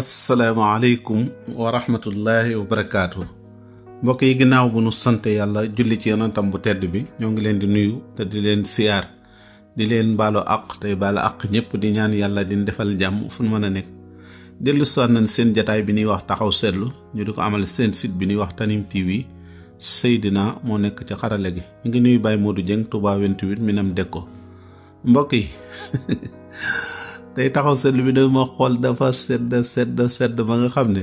asalaamaaleykum wa rahmatullahi wa barakaatu mbokk yi ginnaaw bu nu sant yàlla julli ci yonentam bu tedd bi ñoo ngi leen di nuyu te di leen siyaar di leen baalu àq tey baalu àq ñëpp di ñaan yàlla di defal jàmm fu nu mën a nekk dellu si nañ seen jataay bi ñuy wax taxaw seetlu ñu di ko amal seen sit bi ñuy wax Tanim TV Seydina moo nekk ci xarala gi ñu ngi nuyu Baye Modou Dieng Touba 28 minam dëkk ko mbokk yi tey taxaw seetlu bi dama xool dafa sedd sedd sedd ba nga xam ne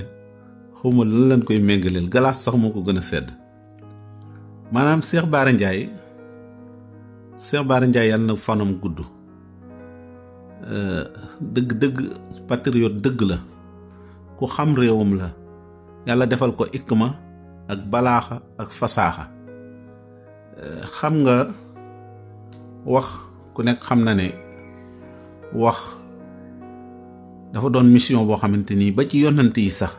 xawma lan lañ koy méngaleel galaas sax moo ko gën a sedd maanaam Cheikh Bara Ndiaye Cheikh Bara Ndiaye yàlla na fanam gudd euh, dëgg dëgg patriote dëgg la ku xam réewam la yàlla defal ko ikma ak balaaxa ak fasaaxa euh, xam nga wax ku nekk xam na ne wax dafa doon mission boo xamante nii ba ci yonant yi sax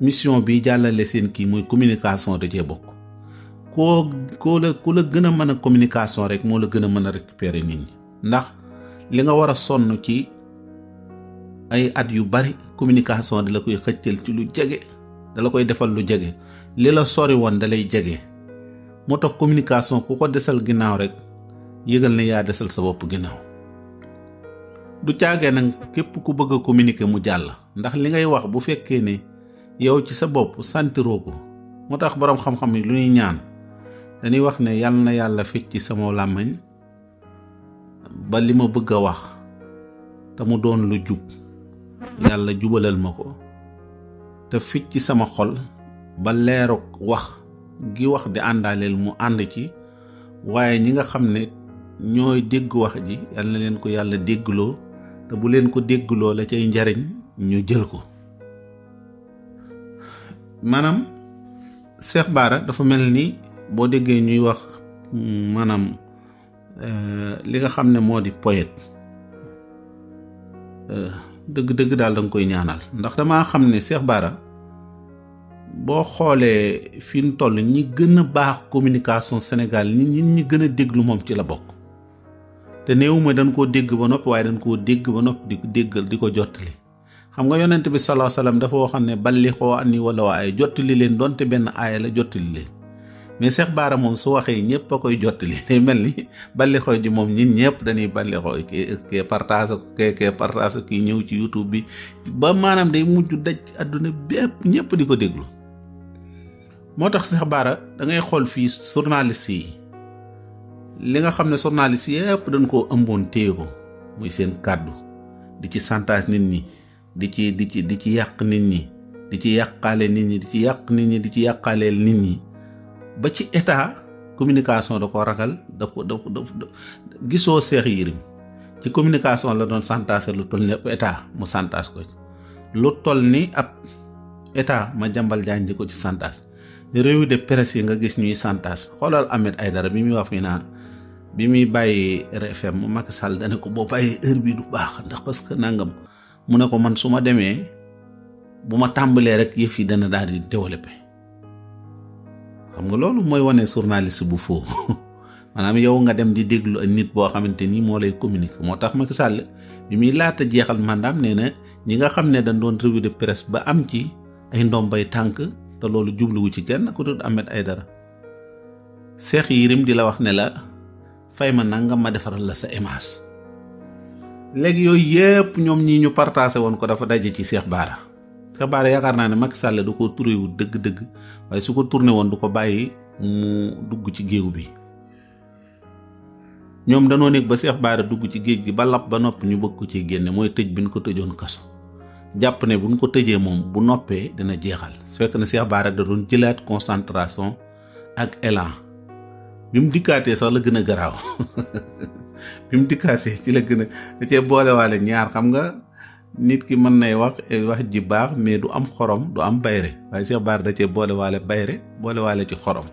mission bi jàllale seen kii muy communication da cee bokk koo koo la gën a mën a communication rek moo la gën a mën a récupérer nit ñi ndax li nga war a sonn ci ay at yu bari communication di la koy xëccal ci lu jege dala koy defal lu jege li la sori woon da lay jege moo tax communication ku ko desal ginnaaw rek yëgal na yaa desal sa bopp ginnaaw du caagee nag képp ku bëgg a mu jàll ndax li ngay wax bu fekkee ni yow ci sa bopp santiroo ko moo tax boroom xam-xam yi lu ñuy ñaan dañuy wax ne yàlla na yàlla fecc ci sama làmmiñ ba li ma bëgg a wax te mu doon lu jub yàlla jubalal ma ko te fecc ci sama xol ba leerug wax gi wax di àndaaleel mu ànd ci waaye ñi nga xam ne ñooy dégg wax ji yàlla na leen ko yàlla déggloo te bu leen ko déggloo la cay njariñ ñu jël ko maanaam Cheikh Bara dafa mel ni boo déggee ñuy wax hmm, maanaam euh, li nga xam ne moo di poète euh, dëgg-dëgg daal da koy ñaanal ndax damaa xam ne Cheikh Bara boo xoolee fii nu toll ñi gën a baax communication Sénégal ñi ñi gën a déglu moom ci la bokk te néewuma dañ koo dégg ba noppi waaye dañ koo dégg ba noppi di déggal di ko jottali xam nga yonent bi salaa salaam dafa waxoon ne balli xoo anni wala waaye jottali leen donte benn aaya la jottali leen mais Cheikh Baara moom su waxee ñëpp a koy jottali day mel ni balli xoo ji moom ñun ñëpp dañuy balli xoo kee kee partage ko kii ñëw ci YouTube bi ba maanaam day mujj daj àdduna bépp ñëpp di ko déglu moo tax Cheikh Baara dangay ngay xool fii journaliste yi. li nga xam ne journaliste yëpp dañ koo ëmboon téye muy seen kàddu di ci santaas nit ñi di ci di ci di ci yàq nit ñi di ci yàqaale nit ñi di ci yàq nit ñi di ci yàqaaleel nit ñi ba ci état communication da ko ragal daf ko da ko gisoo Cheikh Yérim ci communication la doon chantage lu toll ni ab état mu santaas ko lu toll ni ab état ma jambal jànj ko ci santaas réew de presse yi nga gis ñuy santaas xoolal Ahmed Aïdara bi muy wax fii naa bi muy bàyyi RFM Macky Sall dane ko boo bàyyi heure bi du baax ndax parce que nangam mu ne ko man su ma demee bu ma tàmbalee rek yëf yi dana daal di développé xam nga loolu mooy wane journaliste bu foofu maanaam yow nga dem di déglu nit boo xamante ni moo lay communique moo tax Macky Sall bi muy laata jeexal mandaam nee na ñi nga xam ne dañ doon revue de presse ba am ci ay ndombay tànk te loolu jubluwu ci kenn ku tudd Ahmed Aidara Cheikh Yérim di la wax ne la fay ma nangam ma defaral la sa image léegi yooyu yépp ñoom ñii ñu partagé woon ko dafa daje ci Cheikh Bara Cheikh Bara yaakaar naa ne mag Sall du ko tourné wu dëgg-dëgg waaye su ko tourné woon du ko bàyyi mu dugg ci géew bi ñoom danoo nekk ba Cheikh Bara dugg ci géej gi ba lapp ba noppi ñu bëgg ko ci génne mooy tëj bi ñu ko tëjoon kaso jàpp ne bu ñu ko tëjee moom bu noppee dina jeexal su fekk na Cheikh Bara da doon jëlaat concentration ak élan bi mu dikkaatee sax la gën a garaaw bi mu dikkaatee ci la gën a da cee boolewaale ñaar xam nga nit ki mën nay wax eh, wax ji baax mais du am xorom du am bayre waaye Cheikh Bara da cee boolewaale bayre boolewaale ci xorom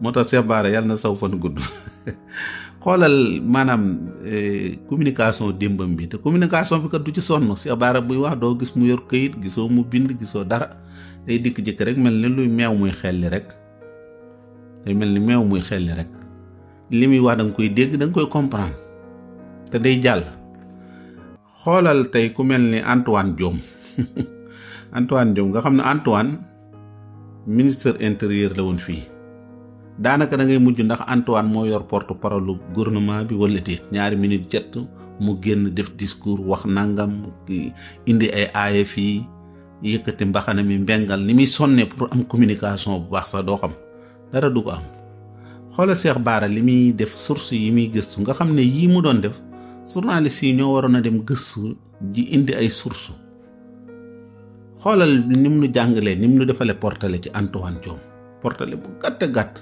moo tax Cheikh Bara yàlla na saw fan gudd xoolal maanaam eh, communication démbam bi te communication bi kat du ci sonn Cheikh Bara buy wax doo gis mu yor këyit gisoo mu bind gisoo dara day dikk jëkk rek mel ni luy meew muy xelli rek day mel ni meew muy xelli rek li muy wax da nga koy dégg danga koy comprendre te day jàll xoolal tey ku mel ni Antoine Diome Antoine Diome nga xam ne antuwaan ministre intérieur la woon fii daanaka da ngay mujj ndax antuwaan moo yor porte parole lu bi wala déet ñaari minute jett mu génn def discours wax nangam indi ay aaya fii yëkkati mbaxana mi mbengal ni muy sonne pour am communication bu baax sax doo xam dara du ko am xoola Cheikh Bara li muy def source yi muy gëstu nga xam ne yii mu doon def journaliste yi ñoo waroon a dem gëstu ji indi ay source xoolal nim nu jàngalee nim nu defale portale ci Antoine Diome portale bu gàtt gàtt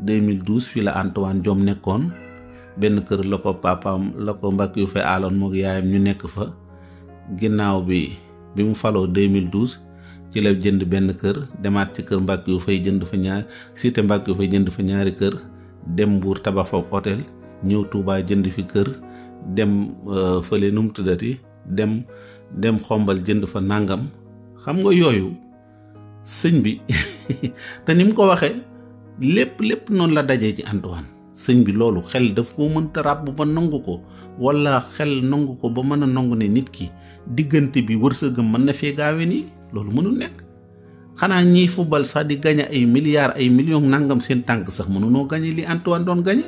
2012 fii la Antoine Diome nekkoon benn kër la ko papaam la ko mbakk yu fa aaloon moog yaayam ñu nekk fa ginnaaw bi bi mu faloo 2012 ci la jënd benn kër demaat ci kër mbàkk yu fay jënd fa ñaar cité mbàkk yu fay jënd fa ñaari kër dem mbuur tabax fa hôtel ñëw tuubaa jënd fi kër dem euh, fële nu mu tuddati dem dem xombal jënd fa nàngam xam nga yooyu sëñ bi te ni mu ko waxee lépp lépp noonu la dajee ci Antoine sëñ bi loolu xel daf ko mënta ràbb ba nangu ko walla xel nangu ko ba mën a nangu ne nit ki diggante bi wërsëgam mën na fee gaawe nii loolu mënul nekk xanaa ñiy football sax di gañe ay milliards ay millions nangam seen tànk sax mënunoo gañe li Antoine doon gañe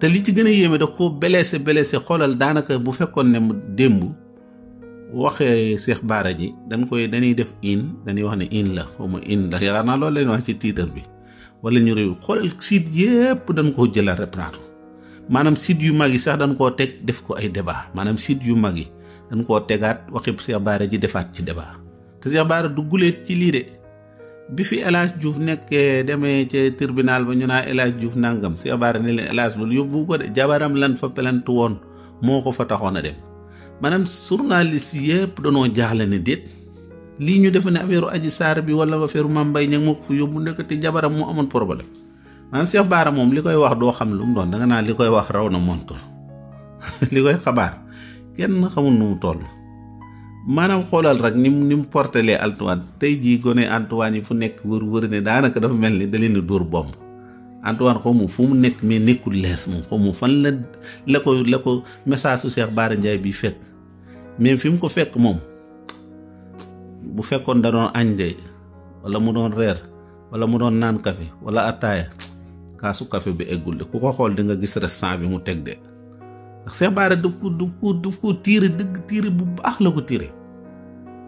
te li ci gën a yéeme daf ko blessé blessé xoolal daanaka bu fekkoon ne mu démb waxee Cheikh Bara ji dañ koy dañuy def in dañuy wax ne in la xaw ma in la yaakaar naa loolu leen wax ci titre bi wala ñu réew xoolal site yépp dañ koo jëlal reprendre maanaam site yu mag yi sax dañ koo teg def ko ay débat maanaam site yu mag yi dañ koo tegaat waxib Cheikh Bara ji defaat ci debaa te Cheikh Bara du guleet ci lii de bi fi El Hadj Diouf nekkee demee ca tribunal ba ñu naa El Hadj Diouf nangam Cheikh Bara ne leen El Hadj yóbbu ko de jabaram lan fa pelante woon moo ko fa taxoon a dem maanaam journaliste yëpp danoo jaaxle ne déet lii ñu defe ne affaire Adji Sarr bi wala affaire Mame Mbaye Niang moo ko fa yóbbu nekkati jabaram mu amoon problème maanaam Cheikh Bara moom li koy wax doo xam lu doon danga naa li koy wax raw na montur li kenn xamul nu mu toll maanaam xoolal rek ni mu ni mu portelee Antoine tey jii gone Antoine yi fu nekk wër wër ne daanaka dafa mel ni da leen di dóor bomb Antoine xaw mu fu mu nekk mais nekkul lees mu xaw ma fan la la ko la ko message su Cheikh Bara Ndiaye bi fekk mais fi mu ko fekk moom bu fekkoon da doon añ de wala mu doon reer wala mu doon naan kafe wala ataaya kaasu kafe bi eggul de ku ko xool di nga gis restaurant bi mu teg de. ndax Cheikh Bara daf ko daf ko daf ko tiire dëgg tiire bu baax la ko tiire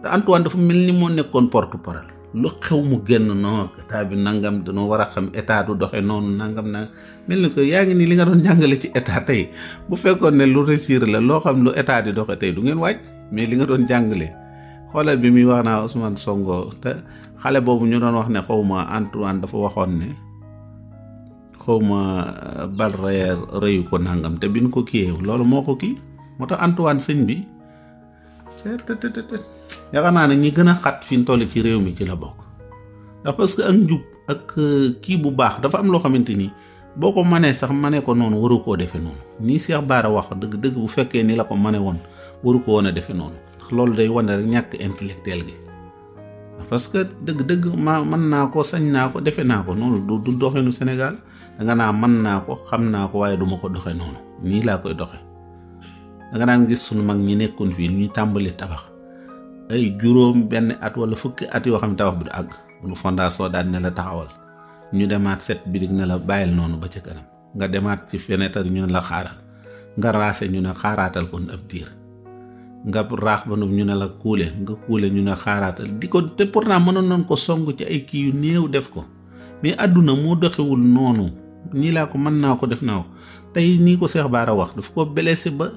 te Antoine dafa mel ni moo nekkoon porte parole lu xew mu génn non état bi nangam dañoo war a xam état du doxe noonu nangam na mel ni ko yaa ngi nii li nga doon jàngale ci état tey bu fekkoon ne lu réussir la loo xam lu état di doxe tey du ngeen wàcc mais li nga doon jàngale xoolal bi muy wax naa Ousmane Sonko te xale boobu ñu doon wax ne xaw ma Antoine dafa waxoon ne xawma euh, bal rey reyu ko nangam te biñ ko kiyee loolu moo ko kii moo tax Antoine sëñ bi seet yaakaar naa ne ñi gën a xat fi ñu ci réew mi ci la bokk ndax parce que ak njub ak euh, kii bu baax dafa am loo xamante ni boo ko manee sax manee ko noonu waru koo defe noonu nii Cheikh Bara wax dëgg dëgg bu fekkee ni la ko mane woon waru ko woon a defe noonu loolu day wane rek ñàkk intellectuel gi parce que dëgg dëgg ma mën naa ko sañ naa ko defe naa ko noonu du danga naa mën naa ko xam naa ko waaye duma ko doxe noonu nii laa koy doxe danga daan gis sunu mag ñi nekkoon fii ñu tàmbali tabax ay juróom benn at wala fukki at yoo xam ne tabax bi du àgg bu fondation daan ne la taxawal ñu demaat set birig ne la bàyyil noonu ba ca kanam nga demaat ci fenêtre ñu ne la xaaral nga raase ñu ne xaaraatal kon ab diir nga raax ba ñu ne la kuule nga kuule ñu ne xaaraatal di ko te pourtant mënoon nañ ko song ci ay kii yu néew def ko mais àdduna moo doxewul noonu nii laa ko mën naa ko def naa ko tey nii ko Cheikh Bara wax dafa ko blessé ba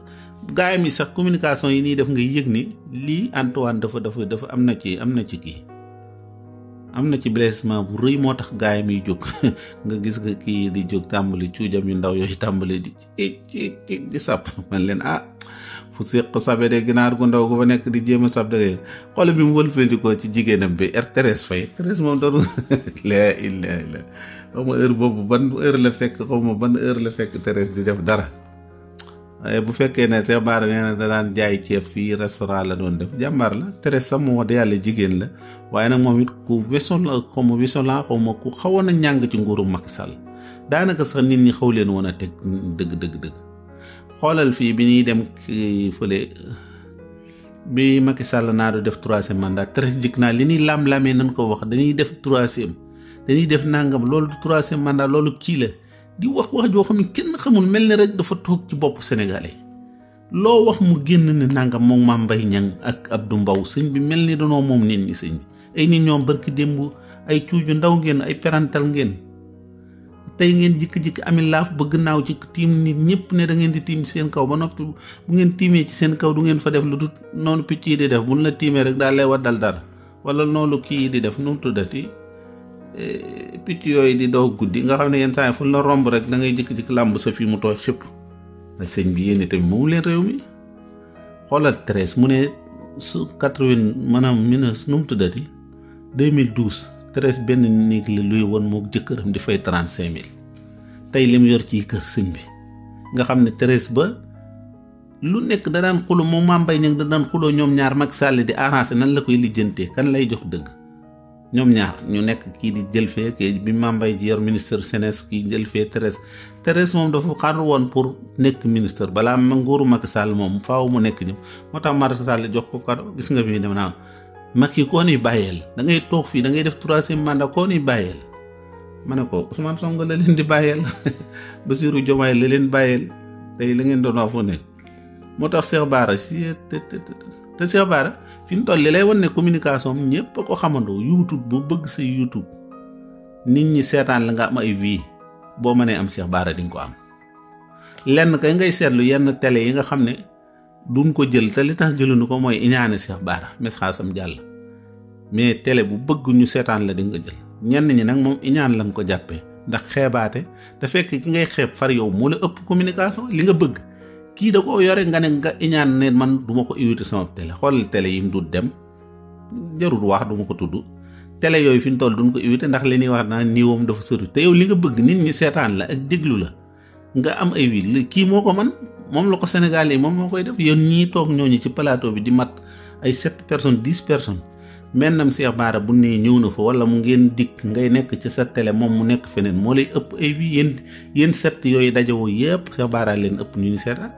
gaayam yi sax communication yi nii def ngay yëg ni lii antuwaan dafa dafa dafa am na ci am na ci kii am na ci blessement bu rëy moo tax gaayam yi jóg nga gis nga kii di jóg tàmbali cuujam yu ndaw yooyu tàmbali di ci ci di sàpp man leen ah fu séq sabe de ginaar gu ndaw gu nekk di jéem a sab dëgg xool bi mu wëlfandikoo ci jigéenam bi RTS fay RTS moom doon xaw ma heure boobu ban heure la fekk xaw ma ban heure la fekk Thérèse di def dara waaye bu fekkee ne Cheikh Bara nee na da daan jaay ceeb fii restaurant la doon def jàmbaar la Thérèse sax moom wax yàlla jigéen la waaye nag moom it ku wesoon la xaw ma wesoon ku xawoon a ñàng ci nguuru Macky Sall daanaka sax nit ñi xaw leen woon a teg dëgg dëgg dëgg xoolal fii bi ñuy dem fële bi Macky Sall naa du def troisième mandat Thérèse jikk naa li ñuy lam-lamee nañ ko wax dañuy def troisième dañuy def nangam loolu troisième mandat loolu kii la di wax wax joo xam ne kenn xamul mel ni rek dafa toog ci bopp sénégalais loo wax mu génn ne nangam moom Mame Mbaye Niang ak du mbaw sëñ bi mel ni danoo moom nit ñi sëñ bi ay ñoom barki démb ay cuuju ndaw ngeen ay perantal ngeen tey ngeen jikki-jikki ami laaf ba gannaaw ci tiim nit ñëpp ne da ngeen di tiim seen kaw ba noppi bu ngeen tiimee ci seen kaw du ngeen fa def lu du noonu picc yi di def buñ la tiimee rek daal lay waddal dara wala noonu kii yi di def nu mu tuddati Euh, picc yooyu di daw guddi nga xam ne yenn saa yi fu la romb rek dangay ngay jékki-jékki làmb sa fii mu tooy xëpp ay sëñ bi yéen itam moom leen réew mi xoolal treize mu ne su quatre maanaam mille neuf nu mu tuddati deux mille douze treize benn néeg la luy woon moo jëkkëram di fay trente cinq mille tey lim yor ci kër sëñ bi nga xam ne treize ba lu nekk da daan xulo moom Mame Mbaye Niang da daan xuloo ñoom ñaar Macky Sall di arrangé nan la koy lijjantee kan lay jox dëgg ñoom ñaar ñu nekk kii di jël fee kii bi mambay ji yor ministre senes kii jël fee Thérèse Thérèse moom dafa xaar woon pour nekk ministre balaa ma nguuru Macky Sall moom faw mu nekk ñëpp moo tax Macky Sall jox ko kado gis nga fii dem naa Macky koo ni bàyyeel da ngay toog fii da ngay def troisième mandat koo ni bàyyeel ma ne ko Ousmane Sonko la leen di bàyyeel Bassirou Diomaye la leen bàyyeel tey la ngeen doon wax fu ne moo tax Cheikh Bara si te Cheikh Bara fi mu toll li lay wan ne communication am ñëpp a ko xamandoo YouTube bu bëgg sa YouTube nit ñi seetaan la nga am ay vie boo mënee am Cheikh baara di ko am lenn kay ngay seetlu yenn tele yi nga xam ne duñ ko jël te li tax jëluñu ko mooy iñaane Cheikh Bara message am jàll mais tele bu bëgg ñu seetaan la di nga jël ñenn ñi nag moom iñaan lañ ko jàppee ndax xeebaate te fekk ki ngay xeeb far yow moo la ëpp communication li nga bëgg. kii da koo yore nga ne nga iñaan ne man duma ma ko invité sama télé xoolal télé yi mu dut dem jarul wax du ma ko tudd télé yooyu fi mu toll duñ ko invité ndax li ñuy wax naa niiwam dafa sori te yow li nga bëgg nit ñi seetaan la ak déglu la nga am ay wil kii moo ko man moom la ko Sénégal yi moom moo koy def yéen ñii toog ñooñu ci plateau bi di mag ay sept personnes dix personnes mennam Cheikh Bara bu ne ñëw na fa wala mu ngeen dikk ngay nekk ci sa tele moom mu nekk feneen moo lay ëpp ay bi yéen yéen set yooyu dajewoo yëpp Cheikh leen ëpp ñu ñu seetaan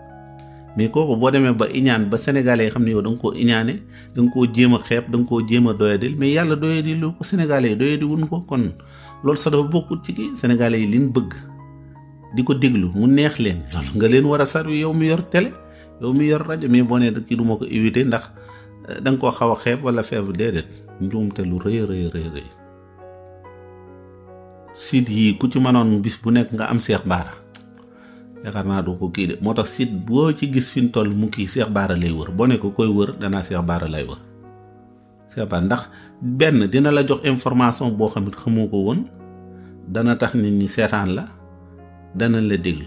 mais kooku boo demee ba iñaan ba sénégalais yi xam ne yow da nga koo iñaane da koo jéem a xeeb da koo jéem a doyadil mais yàlla doyadil lu ko sénégalais yi doyadi wuñ ko kon loolu sax dafa bokkul ci kii sénégalais yi liñ bëgg di ko déglu mu neex leen loolu nga leen war a sarwi yow mu yor télé yow mi yor rajo mais boo nee kii du ma ko éviter ndax euh, danga nga koo xaw a xeeb wala feeb déedéet njuumte lu rëy rëy rëy rëy site yii ku ci mënoon bis bu nekk nga am seex yaakaar naa du ko kii de moo tax sit boo ci gis fi mu toll mu kii Cheikh Bara lay wër boo ne ko koy wër danaa Cheikh Bara lay wër Cheikh Bara ndax benn dina la jox information boo xam ne ko woon dana tax nit ñi seetaan la dana la déglu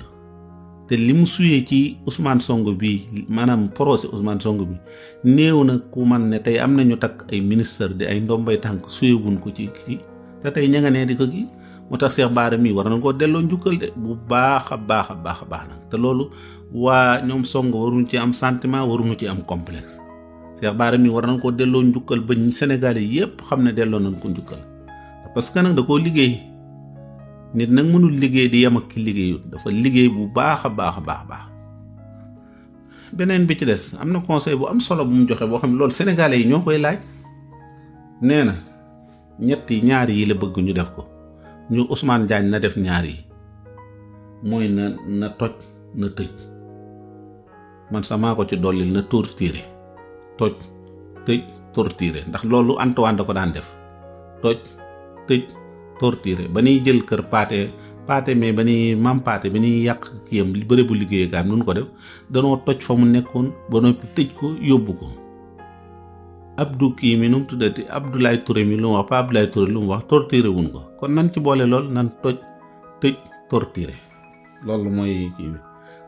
te li mu suyee ci usmaan Sonko bi maanaam procès Ousmane songu bi néew na ku man ne tey am na ñu takk ay ministre di ay ndombay tànk suyewuñ ko ci kii te tey ña di ko kii moo tax Cheikh Bara mii war na koo delloo njukkal de bu baax a baax baax a baax nag te loolu waa ñoom song waruñu ci am sentiment waruñu ci am complexe Cheikh Bara mii war na koo delloo njukkal ba Sénégalais yépp xam ne delloo nañ ko njukkal parce que nag da koo liggéey nit nag mënul liggéey di yem ak ki liggéeyut dafa liggéey bu baax a baax a baax a baax beneen bi ci des am na conseil bu am solo bu mu joxe boo xam ne loolu sénégalais yi ñoo koy laaj nee na ñett ñaar yi la bëgg def ko ñu Ousmane Diagne na def ñaar yi mooy na na toj na tëj man samaa ko ci dollil na torturer toj tëj torturer ndax loolu Antoine da ko daan def toj tëj torturer ba nuy jël kër paate paate mais ba ñuy maam paate ba ñuy yàq kiyam bëre bu liggéeykaam nun ko def danoo toj fa mu nekkoon ba noppi tëj ko yóbbu ko Abdou kii mi nu mu tuddati Abdoulaye Touré mi lu mu wax Pa Abdoulaye Touré lu mu wax torturé wuñ ko kon nan ci boole lool nan toj tëj torturé loolu mooy kii bi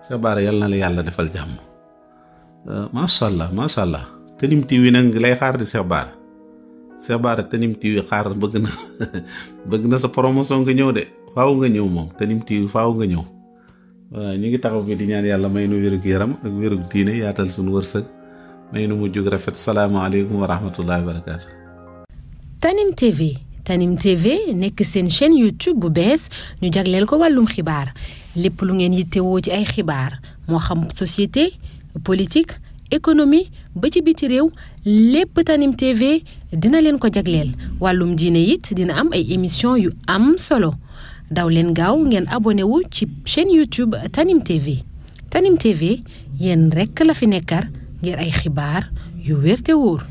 Cheikh Bara yal na la yàlla defal jàmm euh, macha allah macha allah Tanime TV nag lay xaar di Cheikh Bara Cheikh Bara Tanime TV xaar bëgg na bëgg na sa promotion nga ñëw de faaw nga ñëw moom Tanime TV faaw nga ñëw waaw ñu ngi taxaw fi di ñaan yàlla may nu wérug yaram ak wérug diine yaatal suñu wërsëg nay nu mujj gu wa wa barakaatu. Tanim TV nekk seen chaîne YouTube bu bees ñu jagleel ko wàllum xibaar lépp lu ngeen yittewoo ci ay xibaar moo xam société politique économie ba ci biti réew lépp Tanim TV dina leen ko jagleel wàllum diine it dina am ay émission yu am solo daw leen gaaw ngeen abonné wu ci chaîne YouTube Tanim TV Tanim TV yéen la fi nekkar. ngir ay xibaar yu wér te wóor